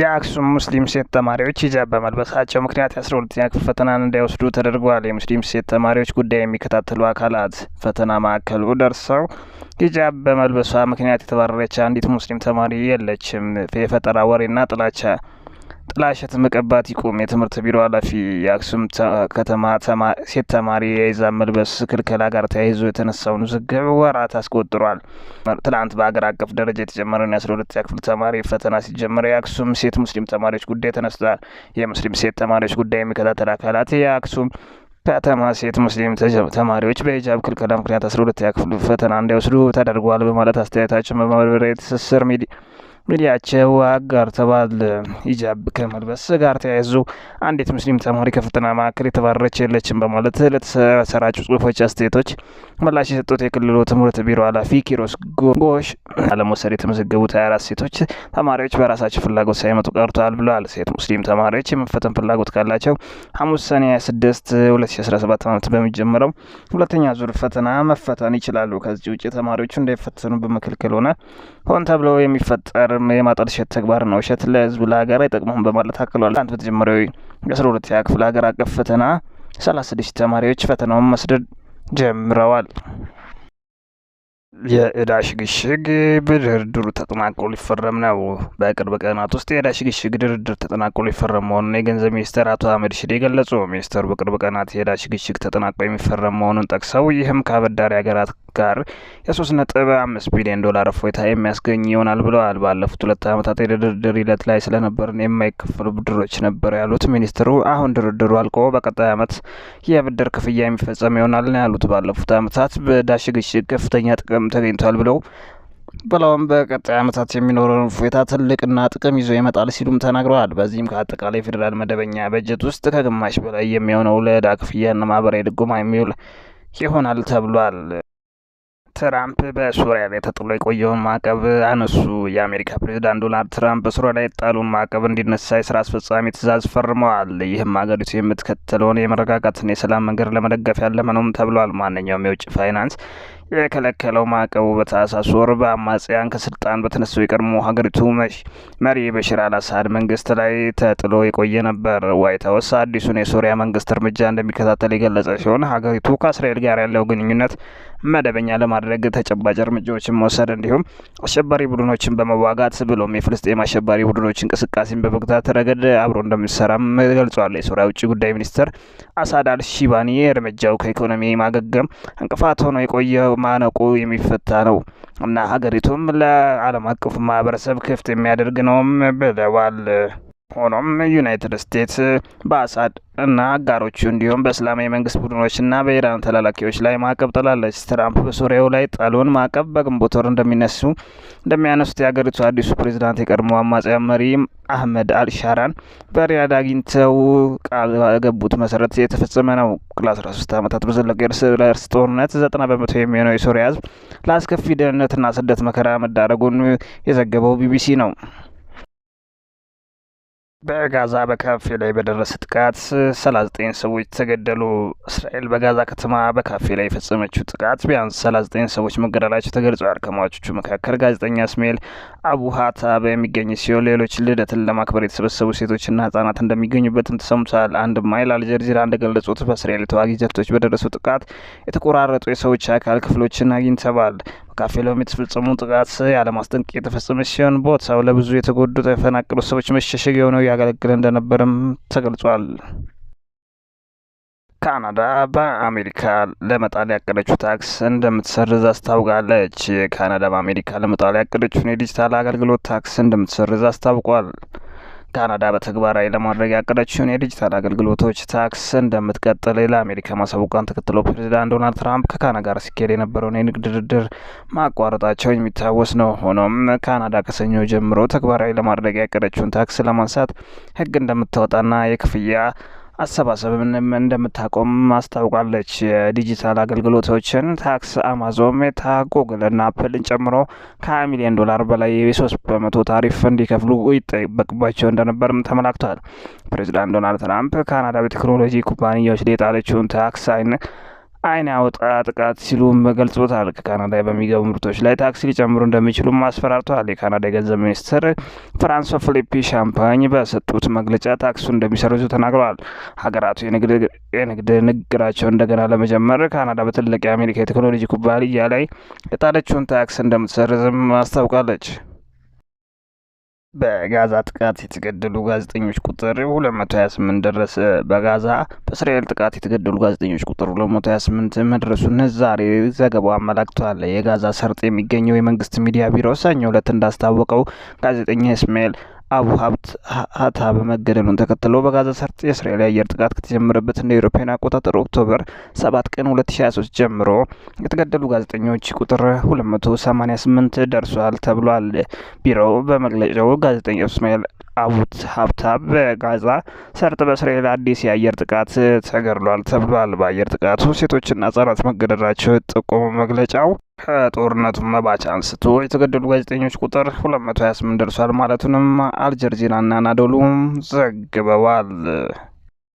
የአክሱም ሙስሊም ሴት ተማሪዎች ሂጃብ በመልበሳቸው ምክንያት የአስራ ሁለተኛ ክፍል ፈተናን እንዳይወስዱ ተደርጓል። የሙስሊም ሴት ተማሪዎች ጉዳይ የሚከታተሉ አካላት ፈተና ማዕከሉ ደርሰው ሂጃብ በመልበሷ ምክንያት የተባረረች አንዲት ሙስሊም ተማሪ የለችም። የፈጠራ ወሬና ጥላቻ ጥላሸት መቀባት ይቁም። የትምህርት ቢሮ ኃላፊ የአክሱም ከተማ ሴት ተማሪ የዛ መልበስ ክልከላ ጋር ተያይዞ የተነሳውን ውዝግብ ወራት አስቆጥሯል። ትላንት በሀገር አቀፍ ደረጃ የተጀመረውን የአስራ ሁለተኛ ክፍል ተማሪ ፈተና ሲጀመረ የአክሱም ሴት ሙስሊም ተማሪዎች ጉዳይ ተነስቷል። የሙስሊም ሴት ተማሪዎች ጉዳይ የሚከታተል አካላት የአክሱም ከተማ ሴት ሙስሊም ተማሪዎች በሂጃብ ክልከላ ምክንያት አስራ ሁለተኛ ክፍል ፈተና እንዳይወስዱ ተደርጓል በማለት አስተያየታቸውን በማህበራዊ ትስስር ሚዲያ ሚዲያቸው አጋርተዋል። ሂጃብ ከመልበስ ጋር ተያይዞ አንዲት ሙስሊም ተማሪ ከፈተና ማዕከል የተባረረች የለችም በማለት ለተሰራጩ ጽሁፎች አስተያየቶች ምላሽ የሰጡት የክልሉ ትምህርት ቢሮ ኃላፊ ኪሮስ ጎሽ አለመውሰድ የተመዘገቡት ሀያ አራት ሴቶች ተማሪዎች በራሳቸው ፍላጎት ሳይመጡ ቀርተዋል ብለዋል። ሴት ሙስሊም ተማሪዎች የመፈተን ፍላጎት ካላቸው ሐሙስ ሰኔ 26 2017 ዓመት በሚጀምረው ሁለተኛ ዙር ፈተና መፈተን ይችላሉ። ከዚህ ውጭ ተማሪዎቹ እንዳይፈተኑ በመከልከል ሆነ ሆን ተብሎ የሚፈጠር ሸት ተግባር ነው። ውሸት ለህዝብ ለሀገር አይጠቅሙም በማለት አክሏል። ትናንት በተጀመሪያው የአስራ ሁለተኛ ክፍል ሀገር አቀፍ ፈተና ሰላሳ ስድስት ተማሪዎች ፈተናውን መስደድ ጀምረዋል። የእዳ ሽግሽግ በድርድሩ ተጠናቆ ሊፈረም ነው። በቅርብ ቀናት ውስጥ የእዳ ሽግሽግ ድርድር ተጠናቆ ሊፈረም መሆኑን የገንዘብ ሚኒስትር አቶ አህመድ ሽዴ ገለጹ። ሚኒስትሩ በቅርብ ቀናት የእዳ ሽግሽግ ተጠናቆ የሚፈረም መሆኑን ጠቅሰው ይህም ከአበዳሪ ሀገራት ጋር የ 35 ቢሊዮን ዶላር እፎይታ የሚያስገኝ ይሆናል ብለዋል። ባለፉት ሁለት ዓመታት የድርድር ሂደት ላይ ስለነበርን የማይከፈሉ ብድሮች ነበሩ ያሉት ሚኒስትሩ አሁን ድርድሩ አልቆ በቀጣይ ዓመት የብድር ክፍያ የሚፈጸም ይሆናል ነው ያሉት። ባለፉት ዓመታት በዳሽ ከፍተኛ ጥቅም ተገኝቷል ብለው ብለውም በቀጣይ ዓመታት የሚኖረውን እፎይታ ትልቅና ጥቅም ይዞ ይመጣል ሲሉም ተናግረዋል። በዚህም ከአጠቃላይ ፌዴራል መደበኛ በጀት ውስጥ ከግማሽ በላይ የሚሆነው ለዕዳ ክፍያና ማህበራዊ ድጎማ የሚውል ይሆናል ተብሏል። ትራምፕ በሱሪያ ላይ ተጥሎ የቆየውን ማዕቀብ አነሱ። የአሜሪካ ፕሬዚዳንት ዶናልድ ትራምፕ በሱሪያ ላይ የጣሉን ማዕቀብ እንዲነሳ የስራ አስፈጻሚ ትእዛዝ ፈርመዋል። ይህም ሀገሪቱ የምትከተለውን የመረጋጋትን የሰላም መንገድ ለመደገፍ ያለመ ነውም ተብሏል። ማንኛውም የውጭ ፋይናንስ የከለከለው ማዕቀቡ በታህሳስ ወር በአማጽያን ከስልጣን በተነሳው የቀድሞ ሀገሪቱ መሪ በሽር አልአሳድ መንግስት ላይ ተጥሎ የቆየ ነበር። ዋይት ሀውስ አዲሱን የሶሪያ መንግስት እርምጃ እንደሚከታተል የገለጸ ሲሆን ሀገሪቱ ከእስራኤል ጋር ያለው ግንኙነት መደበኛ ለማድረግ ተጨባጭ እርምጃዎችን መውሰድ እንዲሁም አሸባሪ ቡድኖችን በመዋጋት ብሎም የፍልስጤም አሸባሪ ቡድኖች እንቅስቃሴን በመግታት ረገድ አብሮ እንደሚሰራም ገልጿል። የሶሪያ ውጭ ጉዳይ ሚኒስትር አሳድ አልሺባኒ እርምጃው ከኢኮኖሚ ማገገም እንቅፋት ሆኖ የቆየ ማነቆ የሚፈታ ነው እና ሀገሪቱም ለዓለም አቀፉ ማህበረሰብ ክፍት የሚያደርግ ነውም ብለዋል። ሆኖም ዩናይትድ ስቴትስ በአሳድ እና አጋሮቹ እንዲሁም በእስላማዊ መንግስት ቡድኖችና በኢራን ተላላኪዎች ላይ ማዕቀብ ጥላለች። ትራምፕ በሶሪያው ላይ ጣሉን ማዕቀብ በግንቦት ወር እንደሚነሱ እንደሚያነሱት የአገሪቱ አዲሱ ፕሬዚዳንት የቀድሞ አማጽያ መሪ አህመድ አልሻራን በሪያድ አግኝተው ቃል ባገቡት መሰረት የተፈጸመ ነው። ለ13 ዓመታት በዘለቀው የእርስ በርስ ጦርነት 90 በመቶ የሚሆነው የሶሪያ ህዝብ ለአስከፊ ደህንነትና ስደት መከራ መዳረጉን የዘገበው ቢቢሲ ነው። በጋዛ በካፌ ላይ በደረሰ ጥቃት 39 ሰዎች ተገደሉ። እስራኤል በጋዛ ከተማ በካፌ ላይ የፈጸመችው ጥቃት ቢያንስ 39 ሰዎች መገደላቸው ተገልጿል። ከሟቾቹ መካከል ጋዜጠኛ እስሜል አቡ ሀታብ የሚገኝ ሲሆን ሌሎች ልደትን ለማክበር የተሰበሰቡ ሴቶችና ህጻናት እንደሚገኙበትም ተሰምቷል። አንድ ማይል አልጀርዚራ እንደገለጹት በእስራኤል ተዋጊ ጀቶች በደረሱ ጥቃት የተቆራረጡ የሰዎች አካል ክፍሎችን አግኝተዋል። በካፌሎሚ የተፈጸሙ ጥቃት ያለማስጠንቀቂያ የተፈጸመ ሲሆን ቦታው ለብዙ የተጎዱ የተፈናቀሉ ሰዎች መሸሸግ የሆነው ያገለግለ እንደነበረም ተገልጿል። ካናዳ በአሜሪካ ለመጣል ያቀደችው ታክስ እንደምትሰርዝ አስታውቃለች። ካናዳ በአሜሪካ ለመጣል ያቀደችውን የዲጂታል አገልግሎት ታክስ እንደምትሰርዝ አስታውቋል። ካናዳ በተግባራዊ ለማድረግ ያቀደችውን የዲጂታል አገልግሎቶች ታክስ እንደምትቀጥል ለአሜሪካ ማሳወቋን ተከትሎ ፕሬዚዳንት ዶናልድ ትራምፕ ከካናዳ ጋር ሲካሄድ የነበረውን የንግድ ድርድር ማቋረጣቸው የሚታወስ ነው። ሆኖም ካናዳ ከሰኞ ጀምሮ ተግባራዊ ለማድረግ ያቀደችውን ታክስ ለማንሳት ሕግ እንደምታወጣና የክፍያ አሰባሰብም እንደምታቆም አስታውቃለች። የዲጂታል አገልግሎቶችን ታክስ አማዞን፣ ሜታ፣ ጉግል እና አፕልን ጨምሮ ከ20 ሚሊዮን ዶላር በላይ የሶስት በመቶ ታሪፍ እንዲከፍሉ ይጠበቅባቸው እንደነበርም ተመላክቷል። ፕሬዚዳንት ዶናልድ ትራምፕ ካናዳ በቴክኖሎጂ ኩባንያዎች ላይ የጣለችውን ታክስ አይን አይን ያወጣ ጥቃት ሲሉም ገልጾታል። ከካናዳ በሚገቡ ምርቶች ላይ ታክስ ሊጨምሩ እንደሚችሉም አስፈራርተዋል። የካናዳ የገንዘብ ሚኒስትር ፍራንሷ ፊሊፒ ሻምፓኝ በሰጡት መግለጫ ታክሱ እንደሚሰርዙ ተናግረዋል። ሀገራቱ የንግድ ንግግራቸው እንደገና ለመጀመር ካናዳ በትልቅ የአሜሪካ የቴክኖሎጂ ኩባንያ ላይ የጣለችውን ታክስ እንደምትሰርዝም አስታውቃለች። በጋዛ ጥቃት የተገደሉ ጋዜጠኞች ቁጥር 228 ደረሰ። በጋዛ በእስራኤል ጥቃት የተገደሉ ጋዜጠኞች ቁጥር 228 መድረሱን ዛሬ ዘገባው አመላክቷል። የጋዛ ሰርጥ የሚገኘው የመንግስት ሚዲያ ቢሮ ሰኞ ዕለት እንዳስታወቀው ጋዜጠኛ እስማኤል አቡ ሀብት አታ በመገደሉን ተከትሎ በጋዛ ሰርጥ የእስራኤል የአየር ጥቃት ከተጀመረበት እንደ ኤሮፓውያን አቆጣጠር ኦክቶበር 7 ቀን 2023 ጀምሮ የተገደሉ ጋዜጠኞች ቁጥር 288 ደርሷል ተብሏል። ቢሮው በመግለጫው ጋዜጠኛው እስማኤል አቡት ሀብታብ በጋዛ ሰርጥ በእስራኤል አዲስ የአየር ጥቃት ተገድሏል ተብሏል። በአየር ጥቃቱ ሴቶችና ህጻናት መገደላቸው ጠቆመ መግለጫው። ከጦርነቱ መባቻ አንስቶ የተገደሉ ጋዜጠኞች ቁጥር 228 ደርሷል ማለቱንም አልጀርዚና አልጀርዚራና ናዶሉም ዘግበዋል።